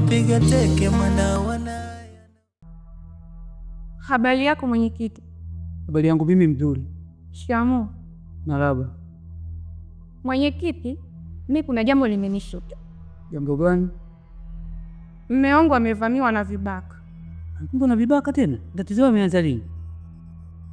piga teke mwana wana. Habari yako mwenyekiti? Habari yangu mimi mzuri. Shikamoo. Marhaba. Mwenyekiti, mi kuna jambo limenishuta. Jambo gani? Mme wangu amevamiwa na vibaka. Kumbe na vibaka tena? Tatizo wameanza lini?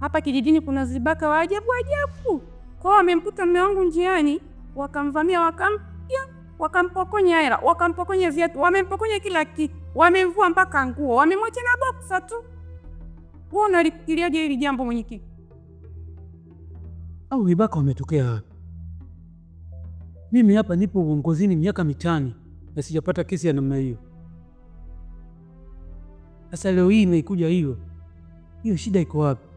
Hapa kijijini kuna vibaka wa ajabu ajabu. Kwao wamemkuta mme wangu njiani, wakamvamia wakam wakampokonya hela, wakampokonya viatu, wamempokonya kila kitu, wamemvua mpaka nguo, wamemwacha na boksa tu. Wewe unalifikiriaje hili jambo mwenyekiti? Au vibaka wametokea wapi? Mimi hapa nipo uongozini miaka mitano na sijapata kesi ya namna hiyo. Sasa leo hii imeikuja hiyo hiyo, shida iko wapi?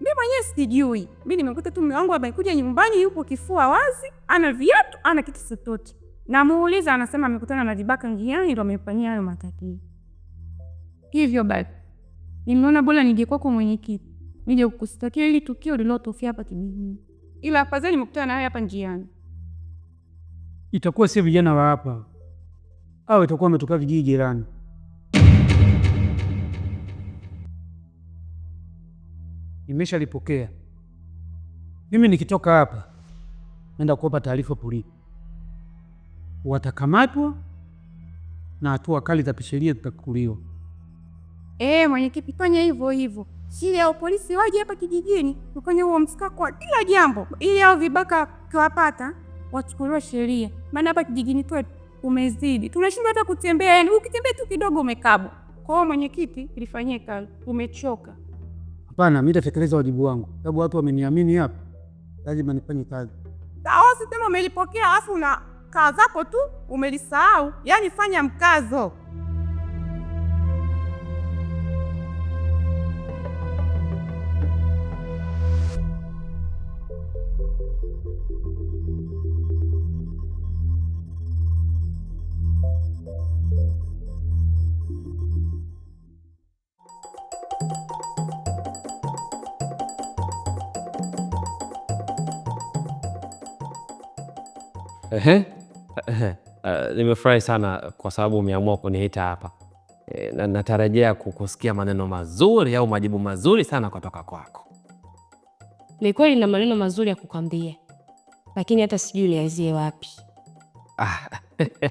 Mi mwenyewe sijui. Mi nimekuta tu mume wangu amekuja nyumbani, yupo kifua wazi, ana viatu, ana kitu chochote Namuuliza anasema amekutana na vibaka njiani ndo amefanyia hayo matatizo. Hivyo basi nimeona bora nije kwako mwenyekiti, nije kukustakia hili tukio lililotokea hapa kijijini, ila afadhali nimekutana naye hapa njiani. Itakuwa si vijana wa hapa au itakuwa ametoka vijiji jirani. Nimeshalipokea mimi, nikitoka hapa naenda kuwapa taarifa polisi watakamatwa na hatua kali za kisheria zitachukuliwa. Eh, mwenyekiti, fanya hivyo hivyo shili au polisi waje hapa kijijini kufanya huo msika kwa kila jambo, ili au vibaka kiwapata wachukuliwa sheria, maana hapa kijijini kwetu umezidi, tunashindwa hata kutembea, yani ukitembea tu kidogo umekabwa. Kwa hiyo mwenyekiti, ilifanyie kazi, umechoka. Hapana, mimi nitatekeleza wajibu wangu, sababu watu wameniamini hapa, lazima nifanye kazi. Sawa, sitema umelipokea afu na kaa zako tu umelisahau, yaani fanya mkazo. Ehe, Uh, nimefurahi sana kwa sababu umeamua kuniita hapa eh, na, natarajia kusikia maneno mazuri au majibu mazuri sana kutoka kwako. Ni kweli na maneno mazuri ya kukwambia, lakini hata sijui lianzie wapi. Ah,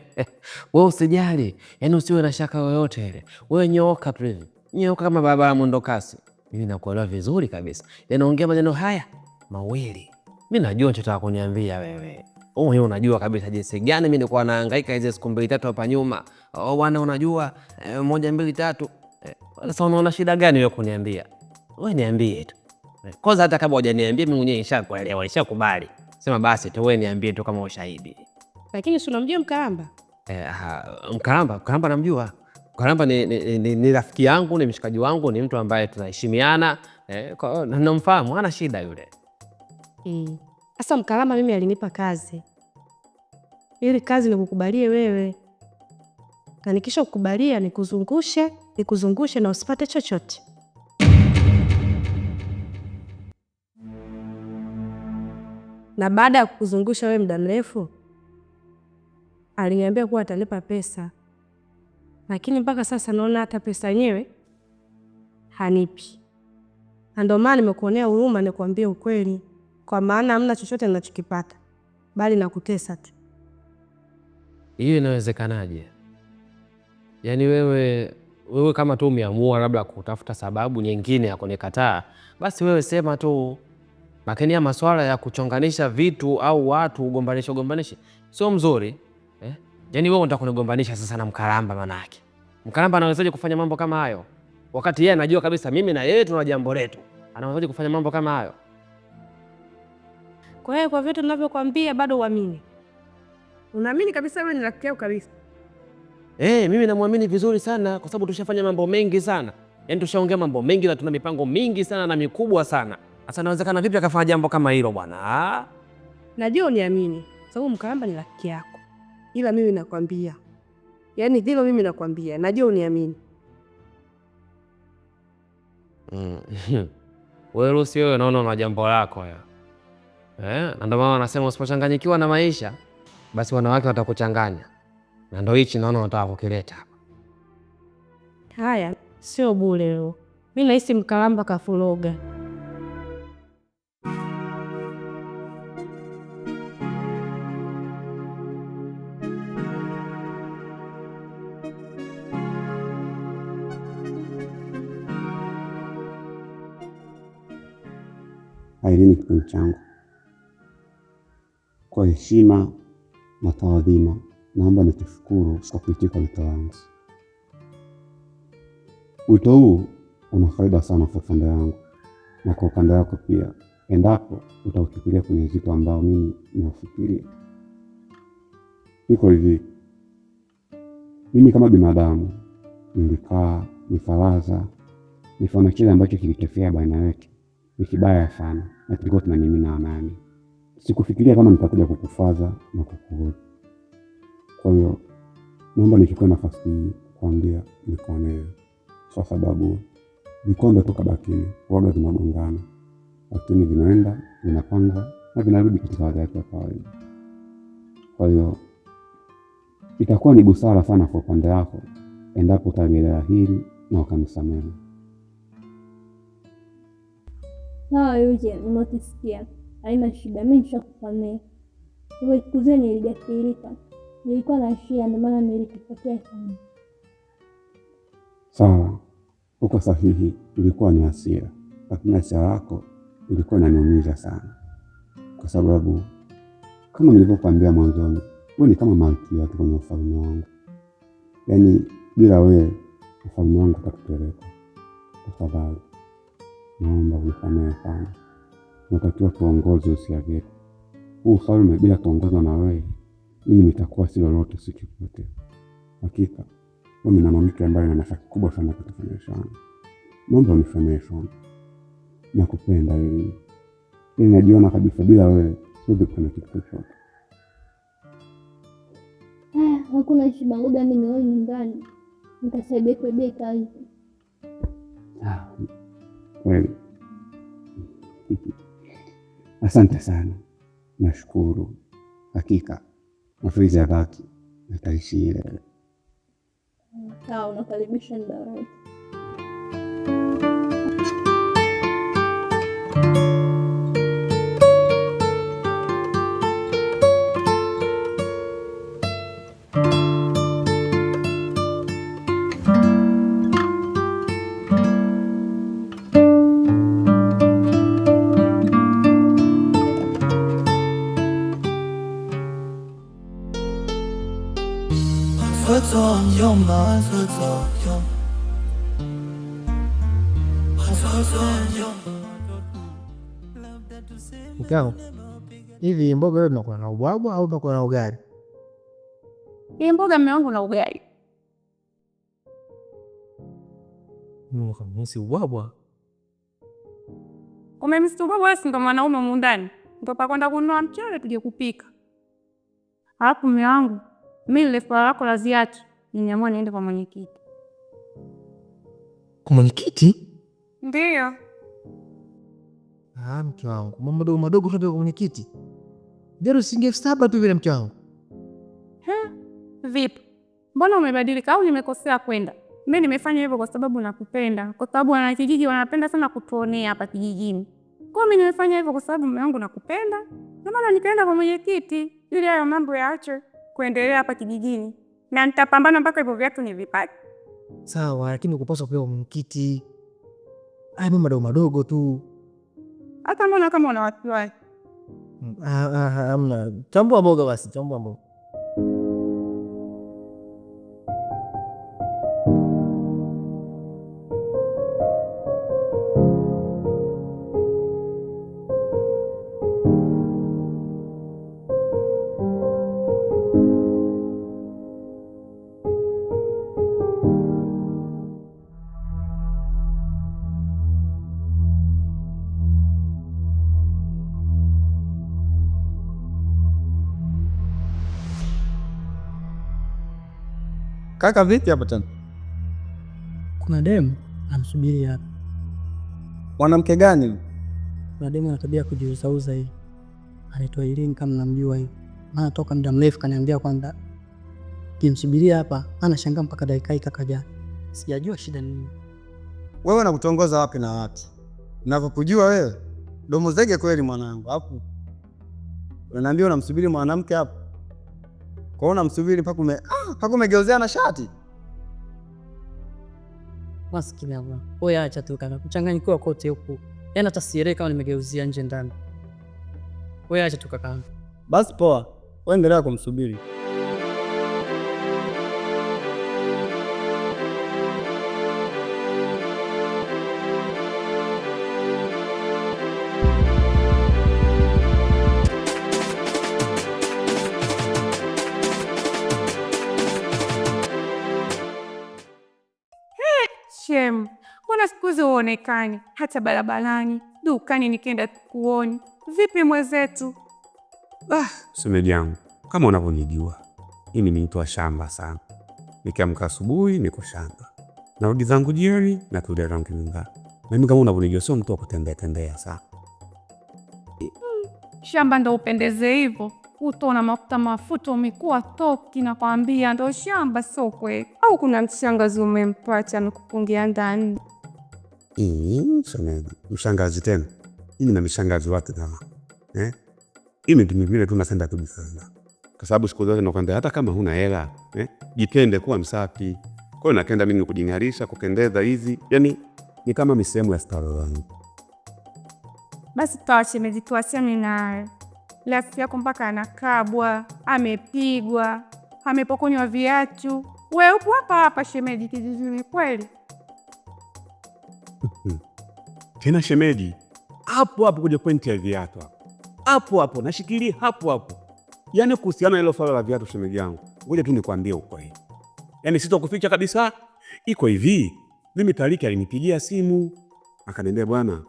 we usijali, yani usiwe na shaka yoyote ile. Wewe nyooka tu, nyooka kama barabara mwendokasi. Mimi nakuelewa vizuri kabisa, yanaongea yaani maneno haya mawili, mi najua nachotaka kuniambia wewe oh, wewe unajua kabisa jinsi gani mimi nilikuwa naangaika hizo siku mbili tatu hapa nyuma. Oh, bwana unajua eh, moja mbili tatu. Eh, sasa eh, unaona shida gani wewe kuniambia? Wewe niambie tu. Eh, kwanza hata kama hujaniambia mimi mwenyewe nishakuelewa, nishakubali. Sema basi tu wewe niambie tu kama ushahidi. Lakini si unamjua Mkaramba? Eh, ah, Mkaramba, Mkaramba namjua. Mkaramba ni, ni, ni, ni rafiki yangu, ni mshikaji wangu, ni mtu ambaye tunaheshimiana. Eh, namfahamu, hana shida yule. Mm. Sasa Mkalama mimi alinipa kazi, ili kazi nikukubalie wewe, na nikisha kukubalia nikuzungushe, nikuzungushe na usipate chochote. Na baada ya kukuzungusha wewe muda mrefu, aliniambia kuwa atalipa pesa, lakini mpaka sasa naona hata pesa yenyewe hanipi, na ndio maana nimekuonea huruma, nikuambia ukweli kwa maana hamna chochote ninachokipata bali nakutesa tu. Hiyo inawezekanaje? Yaani wewe wewe kama tu umeamua labda kutafuta sababu nyingine ya kunikataa, basi wewe sema tu, lakini ya maswala ya kuchonganisha vitu au watu ugombanishe ugombanishe sio mzuri eh? Yaani wewe unataka kunigombanisha sasa na Mkaramba, manake Mkaramba anawezaje kufanya mambo kama hayo wakati yeye anajua kabisa mimi na yeye tuna jambo letu, anawezaje kufanya mambo kama hayo? Kwa hiyo kwa vyote ninavyokuambia bado uamini. Unaamini kabisa wewe ni rafiki yako kabisa? Eh, mimi namwamini vizuri sana kwa sababu tushafanya mambo mengi sana. Yaani tushaongea mambo mengi na tuna mipango mingi sana na mikubwa sana. Sasa inawezekana vipi akafanya jambo kama hilo bwana? Najua uniamini kwa sababu Mkaramba ni rafiki yako. Ila mimi nakwambia. Yaani hilo mimi nakwambia. Najua uniamini. Mm. Wewe Lucy, wewe naona una jambo lako ya eh? Na ndio mama wanasema usipochanganyikiwa na maisha, basi wanawake watakuchanganya, na ndio hichi naona wanataka kukileta hapa. Haya sio bure leo, mi nahisi mkalamba kafuloga. Ailini, kipindi changu kwa heshima na taadhima, naomba nikushukuru kwa kuitika wito wangu. Wito huu una faida sana kwa upande wangu na kwa upande wako pia, endapo utaufikiria kwenye uzito ambao mimi nafikiria. Iko hivi, mimi kama binadamu nilikaa nifaraza nifaona kile ambacho kilitokea baina yetu ni kibaya sana, na tulikuwa tunanimina amani sikufikiria kama nitakuja kukufadha na kukuhoji. Kwa hiyo naomba nichukue nafasi hii kukwambia nikuonee, kwa sababu vikombe toka bakini waga zinagongana lakini vinaenda vinapanga na vinarudi katika hali yake ya kawaida. Kwa hiyo itakuwa ni busara sana kwa upande wako endapo utaelea hili na ukanisamehe. Sawa Eugene, umetisikia haina shida, mimi nishakusamehe. Kwa siku zile niligafirika, nilikuwa na shida, ndio maana nilikupotea sana. Sawa, uko sahihi, ilikuwa ni hasira, lakini hasira yako ilikuwa inaniumiza sana, kwa sababu kama nilivyokuambia mwanzoni, wewe ni kama malkia tu kwenye ufalme wangu. Yaani bila wewe ufalme wangu utakupeleka. Tafadhali naomba unisamehe sana unatakiwa tuongozwe, usiagie huu ufalme bila kuongozwa na wewe. Mimi nitakuwa si lolote, si chochote. Hakika mimi na mwanamke ambaye na nafasi kubwa sana katika maisha yangu, mambo unisamehe sana, nakupenda wewe, ili najiona kabisa bila wewe siwezi kufanya kitu eh, chochote. Hakuna heshima ngoja mimi niwe nyumbani nitasaidia kuadia kazi ah, kweli. Asante sana, nashukuru. Hakika matumizi ya dhati yataishi milele. Sawa, unakaribisha. Mkao, hivi mboga wewe unakula na ubwabwa au unakula na ugali? Hii mboga mume wangu na ugali. Si ubwabwa, umemsikia ubwabwa? Si ndo mwanaume mundani ndo pakwenda kununua mchele tuje kupika. Alafu mume wangu, mi lile suala lako la ziatu nimeamua niende kwa mwenyekiti. Kwa mwenyekiti? Ndiyo. Ah, mke wangu, mambo madogo madogo tu kwenye kiti. Jana shilingi elfu saba tu vile mke wangu. Vipi? Mbona umebadilika au nimekosea kwenda? Mimi nimefanya hivyo kwa sababu nakupenda, kwa sababu wanakijiji wanapenda sana kutuonea hapa kijijini. Kwa mimi nimefanya hivyo kwa sababu mume wangu nakupenda, na maana nikaenda kwa mwenyekiti ili hayo mambo yaache kuendelea hapa kijijini, na nitapambana mpaka hivyo viatu nivipate. Sawa, lakini ukupaswa kupewa mwenyekiti. Haya mambo madogo madogo tu hata mbona kama una wasiwasi. Hamna, chambua mboga basi, chambua mboga Kaka vipi hapa tena? Kuna demu anamsubiri hapa. Mwanamke gani? Kuna demu ana tabia kujiuzauza hii. Anaitwa Irene kama namjua hii. Maana toka muda mrefu kaniambia kwamba kimsubiria hapa, anashangaa mpaka dakika hii kaka Sijajua shida nini. Wewe unakutongoza wapi na wapi? Ninavyokujua wewe, domo zege kweli mwanangu. Hapo unaniambia unamsubiri mwanamke hapo. Kwa msubiri namsubiri mpaka ume ah, mpaka umegeuzea na shati. Maskini Allah. acha tu kaka, kuchanganyikiwa kote huku. Yaani hata sielewi kama nimegeuzia nje ndani. Oya, acha tu kaka. Basi poa. Wewe endelea kumsubiri. huonekani hata barabarani, dukani nikienda kuoni. Vipi mwenzetu? Ah, shemeji yangu, kama unavyonijua mimi ni mtu wa shamba sana. Nikiamka asubuhi niko shamba, narudi zangu jioni na tulia rangi nyumba. Mimi kama unavyonijua sio mtu wa kutembea tembea sana. Mm, shamba ndo upendeze hivyo uto na mafuta mafuta umekuwa toki, nakwambia ndo shamba, sio kweli? Au kuna mshangazi umempata amekupungia ndani? mshangazi tena eh? mimi na mshangazi wake jamaa eh? Mimi ndimi vile tu nasenda kujisaidia, kwa sababu siku zote nakwambia hata kama huna hela eh? Jipende, kuwa msafi. Kwa hiyo nakenda mimi kujing'arisha, kukendeza hizi, yani ni kama misemo ya stara yangu. Basi pawa shemeji, tuwasiani naye. Rafiki yako mpaka anakabwa, amepigwa, amepokonywa viatu, we upo hapa hapa shemeji, kijijini kweli tena shemeji, hapo hapo kwenye pointi ya viatu, hapo hapo hapo nashikilia hapo hapo. Yaani kuhusiana na hilo swala la viatu, shemeji yangu, ngoja tu nikwambie ukweli, yaani sitokuficha kabisa. Iko hivi, mimi Tariki alinipigia simu akaniambia, bwana,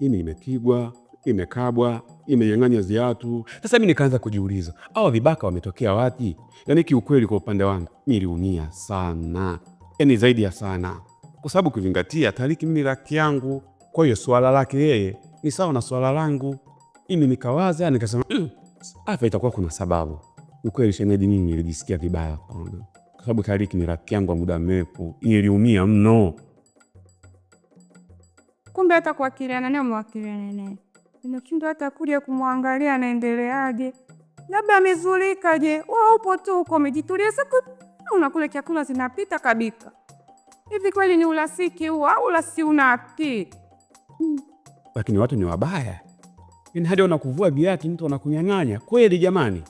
mimi nimepigwa imekabwa imenyang'anywa viatu. Sasa mimi nikaanza kujiuliza au vibaka wametokea wapi? Yaani kiukweli, kwa upande wangu niliumia sana, yaani zaidi ya sana kwa sababu ukizingatia Tariki mimi laki yangu, kwa hiyo swala lake yeye ni sawa na swala langu. Mimi nikawaza nikasema, hapa mm, itakuwa kuna sababu. Ukweli shemeji, mimi nilijisikia vibaya kwanza, kwa sababu Tariki ni rafiki yangu wa muda mrefu, niliumia mno. Kumbe hata kuwakiliana naye umewakiliana naye, nimeshindwa hata kuja kumwangalia anaendeleaje, labda amezulika. Je, Wewe upo tu uko umejitulia, siku unakula chakula zinapita kabisa. Hivi kweli ni ulasiki huo au ulasi unati? Hmm. Lakini watu ni wabaya, yaani hadi wanakuvua viatu mtu wanakunyang'anya kweli. Jamani,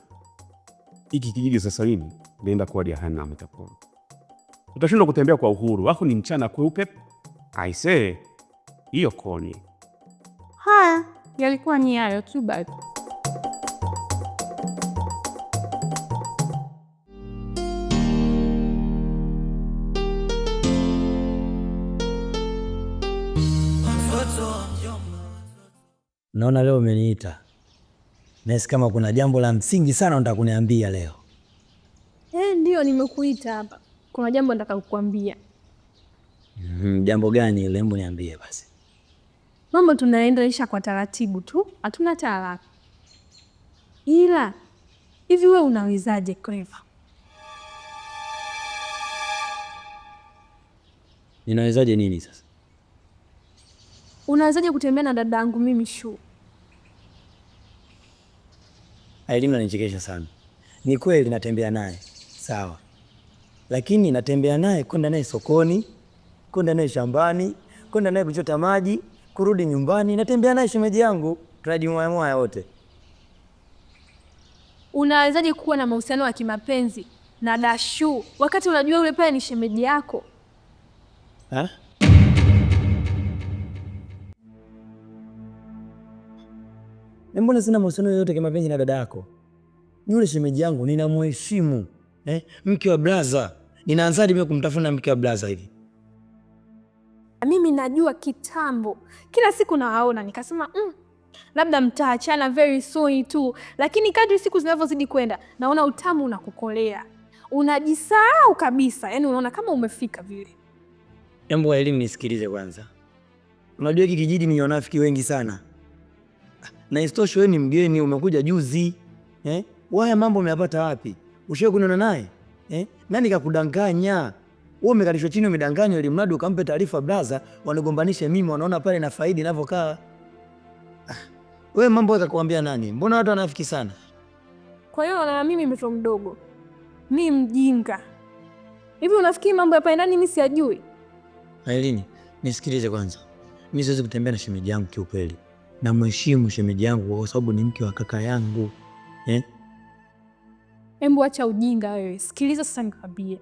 hiki kijiji sasa hivi naenda kuwa jehanamu itakuwa. Utashindwa kutembea kwa uhuru, wako ni mchana kweupe aisee, hiyo koni. Haya yalikuwa ni hayo tu basi. Naona leo umeniita nasi, kama kuna jambo la msingi sana nataka kuniambia leo. Eh, ndio nimekuita hapa, kuna jambo nataka kukuambia. mm -hmm, jambo gani ile? Hebu niambie basi. Mambo tunaendelesha kwa taratibu tu, hatuna taaraka. Ila hivi we unawezaje Clever? Ninawezaje nini sasa? unawezaje kutembea na dadangu mimi Shu? Ailima nanichekesha sana. Ni kweli natembea naye sawa, lakini natembea naye kwenda naye sokoni, kwenda naye shambani, kwenda naye kuchota maji, kurudi nyumbani, natembea naye shemeji yangu, tunajimwayamwaya wote. Unawezaje kuwa na mahusiano ya kimapenzi na Dashu wakati unajua yule pale ni shemeji yako ha? Eh, mbona sina mahusiano yoyote kama mapenzi na dada yako. Yule shemeji yangu ninamheshimu, eh? Mke wa blaza. Ninaanzaje mimi kumtafuna mke wa blaza hivi? Mimi najua kitambo, kila siku nawaona, nikasema mm, labda mtaachana very soon tu, lakini kadri siku zinavyozidi kwenda, naona utamu unakukolea, unajisahau kabisa, yaani unaona kama umefika vile. Embo elimu, nisikilize kwanza. Unajua hiki kijiji ni wanafiki wengi sana na istosho wewe ni mgeni, umekuja juzi eh? Waya mambo umeyapata wapi? Ushawahi kunena naye eh? Nani kakudanganya? Wewe umekalishwa chini, umedanganywa ili mradi ukampe taarifa brother, wanigombanishe mimi, wanaona pale na faidi inavyokaa. Ah, wewe mambo wewe kakuambia nani? Mbona watu wanafiki sana? Kwa hiyo na mimi mtoto mdogo, mi mjinga hivi, unafikiri mambo ya pale ndani mimi siyajui? Ailini, nisikilize kwanza, mimi siwezi kutembea na shemeji yangu kiukweli namheshimu shemeji yangu kwa sababu ni mke wa kaka yangu eh? Embu acha ujinga wewe, sikiliza sasa nikwambie.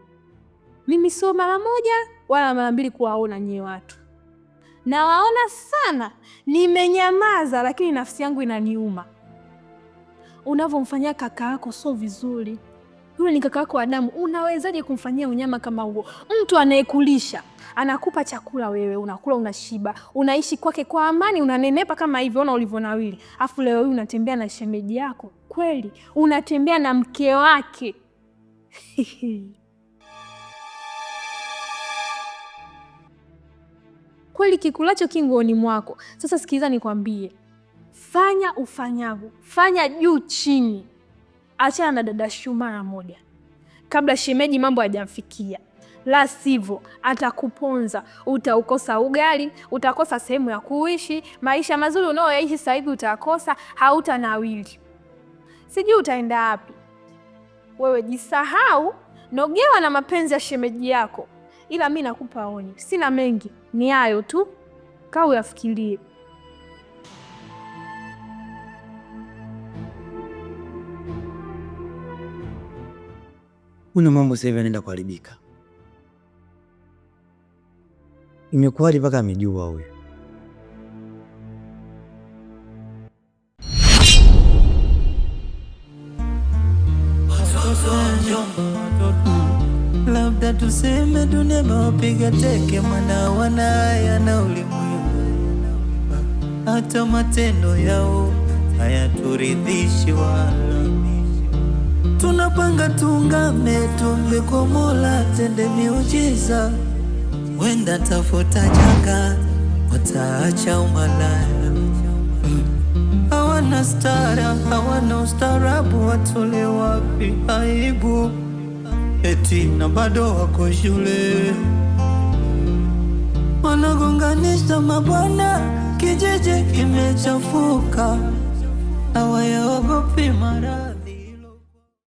Mimi sio mara moja wala mara mbili kuwaona nyie watu, nawaona sana, nimenyamaza, lakini nafsi yangu inaniuma. Unavyomfanyia kaka yako sio vizuri yule ni kaka wako unawezaje kumfanyia unyama kama huo? Mtu anayekulisha anakupa chakula, wewe unakula, unashiba, unaishi kwake kwa amani, unanenepa kama hivyo, ona ulivyonawili. Afu leo hii unatembea na shemeji yako kweli, unatembea na mke wake kweli, kikulacho kinguoni mwako. Sasa sikiliza nikwambie, fanya ufanyavyo, fanya juu chini achana na dada Shu mara moja, kabla shemeji mambo hajamfikia, la sivyo atakuponza. Utaukosa ugali, utakosa sehemu ya kuishi, maisha mazuri unayoishi sasa hivi utakosa, hautanawili, sijui utaenda wapi. Wewe jisahau, nogewa na mapenzi ya shemeji yako, ila mi nakupa onyo, sina mengi, ni hayo tu, kaa uyafikirie. una mambo sasa hivi anaenda kuharibika. Imekuwaje mpaka amejua huyo? Labda tuseme dunia imewapiga teke, mwana wanaya na ulimwengu, hata matendo yao hayaturidhishi wala tunapanga tungame, tumbe kwa Mola, tende miujiza, wenda tafuta janga, wataacha umalaya. Hawana stara, hawana ustaarabu, watole wapi aibu? Eti na bado wako shule, wanagonganisha mabwana, kijiji kimechafuka, hawayaogopi mara